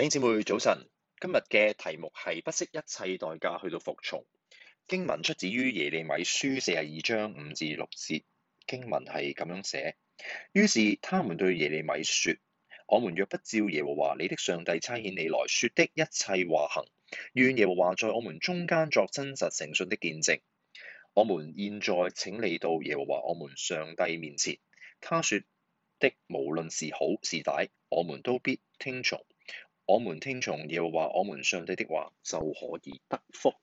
弟兄姊妹早晨，今日嘅題目係不惜一切代價去到服從，經文出自於耶利米書四十二章五至六節。經文係咁樣寫：於是他們對耶利米說：我們若不照耶和華你的上帝差遣你來說的一切話行，願耶和華在我們中間作真實誠信的見證。我們現在請你到耶和華我們上帝面前，他說的無論是好是歹，我們都必聽從。我們聽從耶和華我們上帝的話就可以得福。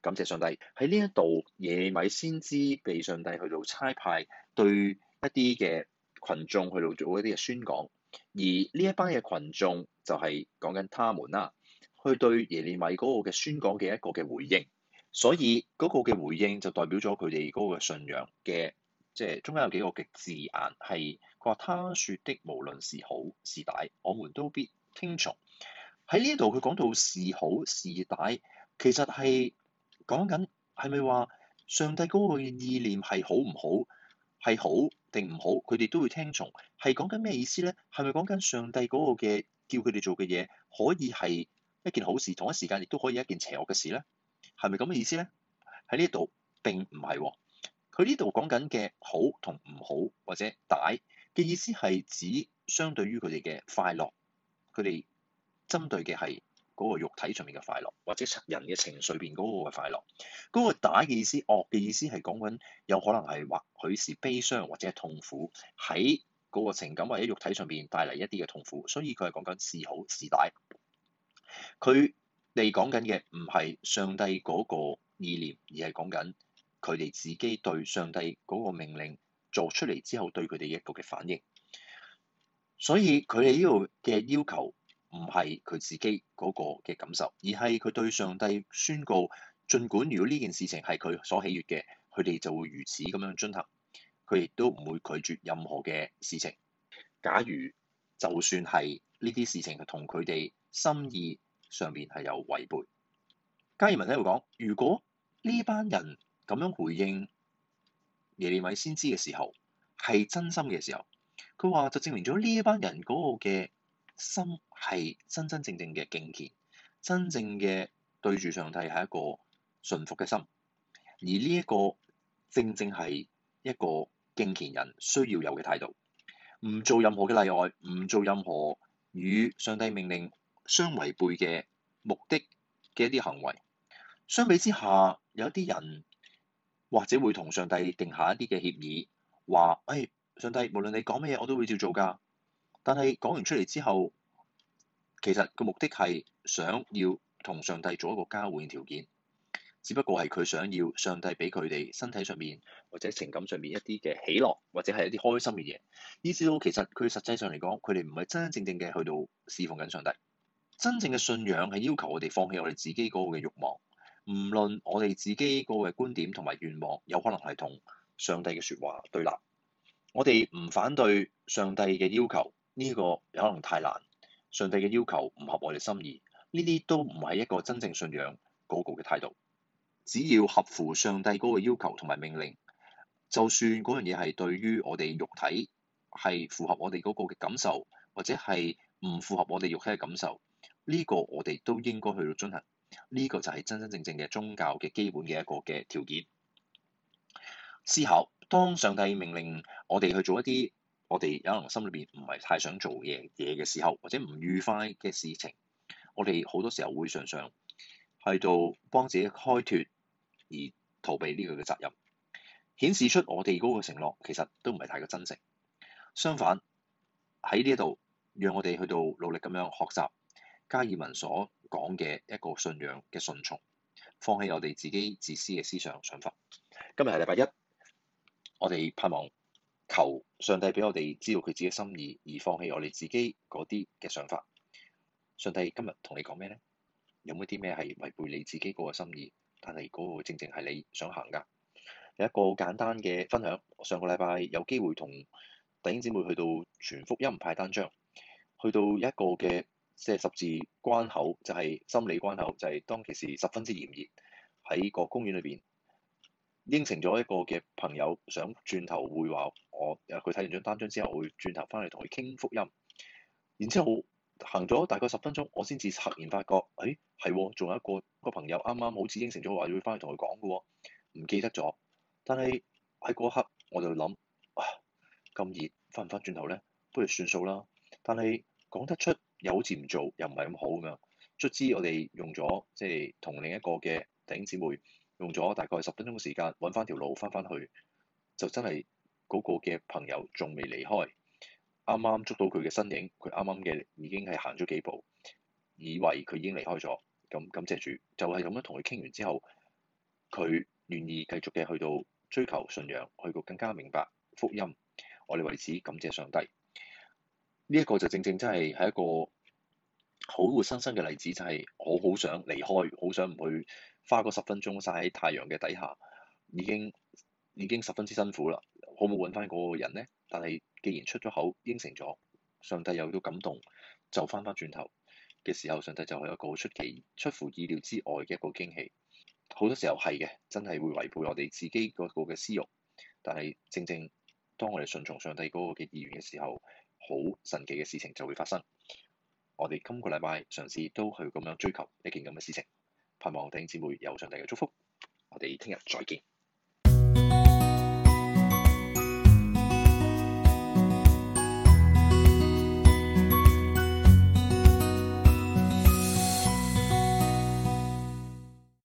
感謝上帝，喺呢一度耶利米先知被上帝去到差派，對一啲嘅群眾去到做一啲嘅宣講，而呢一班嘅群眾就係講緊他們啦，去對耶利米嗰個嘅宣講嘅一個嘅回應，所以嗰個嘅回應就代表咗佢哋嗰個信仰嘅，即係中間有幾個極字眼係佢話，他説的無論是好是歹，我們都必聽從喺呢一度，佢講到是好是歹，其實係講緊係咪話上帝嗰個意念係好唔好係好定唔好？佢哋都會聽從，係講緊咩意思咧？係咪講緊上帝嗰個嘅叫佢哋做嘅嘢可以係一件好事，同一時間亦都可以一件邪惡嘅事咧？係咪咁嘅意思咧？喺呢一度並唔係，佢呢度講緊嘅好同唔好或者歹嘅意思係指相對於佢哋嘅快樂。佢哋針對嘅係嗰個肉體上面嘅快樂，或者人嘅情緒邊嗰個嘅快樂。嗰個打嘅意思，惡嘅意思係講緊有可能係或許是悲傷或者係痛苦，喺嗰個情感或者肉體上邊帶嚟一啲嘅痛苦。所以佢係講緊是好是歹。佢哋講緊嘅唔係上帝嗰個意念，而係講緊佢哋自己對上帝嗰個命令做出嚟之後對佢哋一個嘅反應。所以佢哋呢度嘅要求唔係佢自己嗰個嘅感受，而係佢對上帝宣告：盡管如果呢件事情係佢所喜悅嘅，佢哋就會如此咁樣進行，佢亦都唔會拒絕任何嘅事情。假如就算係呢啲事情同佢哋心意上面係有違背，加爾文喺度講，如果呢班人咁樣回應耶利米先知嘅時候係真心嘅時候。佢話就證明咗呢一班人嗰個嘅心係真真正正嘅敬虔，真正嘅對住上帝係一個順服嘅心，而呢一個正正係一個敬虔人需要有嘅態度，唔做任何嘅例外，唔做任何與上帝命令相違背嘅目的嘅一啲行為。相比之下，有一啲人或者會同上帝定下一啲嘅協議，話，誒，哎上帝，無論你講咩嘢，我都會照做㗎。但係講完出嚟之後，其實個目的係想要同上帝做一個交換條件，只不過係佢想要上帝俾佢哋身體上面或者情感上面一啲嘅喜樂，或者係一啲開心嘅嘢。呢啲都其實佢實際上嚟講，佢哋唔係真真正正嘅去到侍奉緊上帝。真正嘅信仰係要求我哋放棄我哋自己嗰個嘅慾望，唔論我哋自己嗰個嘅觀點同埋願望，有可能係同上帝嘅説話對立。我哋唔反對上帝嘅要求，呢個有可能太難。上帝嘅要求唔合我哋心意，呢啲都唔係一個真正信仰嗰個嘅態度。只要合乎上帝嗰個要求同埋命令，就算嗰樣嘢係對於我哋肉體係符合我哋嗰個嘅感受，或者係唔符合我哋肉體嘅感受，呢個我哋都應該去到進行。呢個就係真真正正嘅宗教嘅基本嘅一個嘅條件。思考，當上帝命令。我哋去做一啲我哋有可能心裏邊唔係太想做嘢嘢嘅時候，或者唔愉快嘅事情，我哋好多時候會常常喺度幫自己開脫而逃避呢個嘅責任，顯示出我哋嗰個承諾其實都唔係太過真誠，相反喺呢一度，讓我哋去到努力咁樣學習加爾文所講嘅一個信仰嘅順從，放棄我哋自己自私嘅思想想法。今日係禮拜一，我哋盼望。求上帝俾我哋知道佢自己心意，而放棄我哋自己嗰啲嘅想法。上帝今日同你講咩呢？有冇啲咩係違背你自己個心意，但係嗰個正正係你想行噶？有一個簡單嘅分享，我上個禮拜有機會同弟兄姊妹去到全福音派單張，去到一個嘅即係十字關口，就係心理關口，就係當其時十分之炎熱喺個公園裏邊。應承咗一個嘅朋友，想轉頭會話我，佢睇完張單張之後，我會轉頭翻嚟同佢傾福音。然之後行咗大概十分鐘，我先至突然發覺，誒、哎、係，仲有一個一個朋友啱啱好似應承咗話要翻嚟同佢講嘅喎，唔記得咗。但係喺嗰刻我就諗咁熱，翻唔翻轉頭咧？不如算數啦。但係講得出又好似唔做，又唔係咁好咁樣。卒之我哋用咗即係同另一個嘅弟兄姊妹。用咗大概十分鐘嘅時間，揾翻條路翻返去，就真係嗰個嘅朋友仲未離開，啱啱捉到佢嘅身影，佢啱啱嘅已經係行咗幾步，以為佢已經離開咗，咁感謝主就係、是、咁樣同佢傾完之後，佢願意繼續嘅去到追求信仰，去到更加明白福音，我哋為此感謝上帝。呢、這、一個就正正真係係一個好活生生嘅例子，就係、是、我好想離開，好想唔去。花個十分鐘曬喺太陽嘅底下，已經已經十分之辛苦啦。可唔可搵翻嗰個人呢？但係既然出咗口應承咗，上帝有咗感動，就翻翻轉頭嘅時候，上帝就係一個出奇出乎意料之外嘅一個驚喜。好多時候係嘅，真係會違背我哋自己嗰個嘅私慾。但係正正當我哋順從上帝嗰個嘅意願嘅時候，好神奇嘅事情就會發生。我哋今個禮拜嘗試都去咁樣追求一件咁嘅事情。盼望弟兄姊妹有上帝嘅祝福，我哋聽日再見。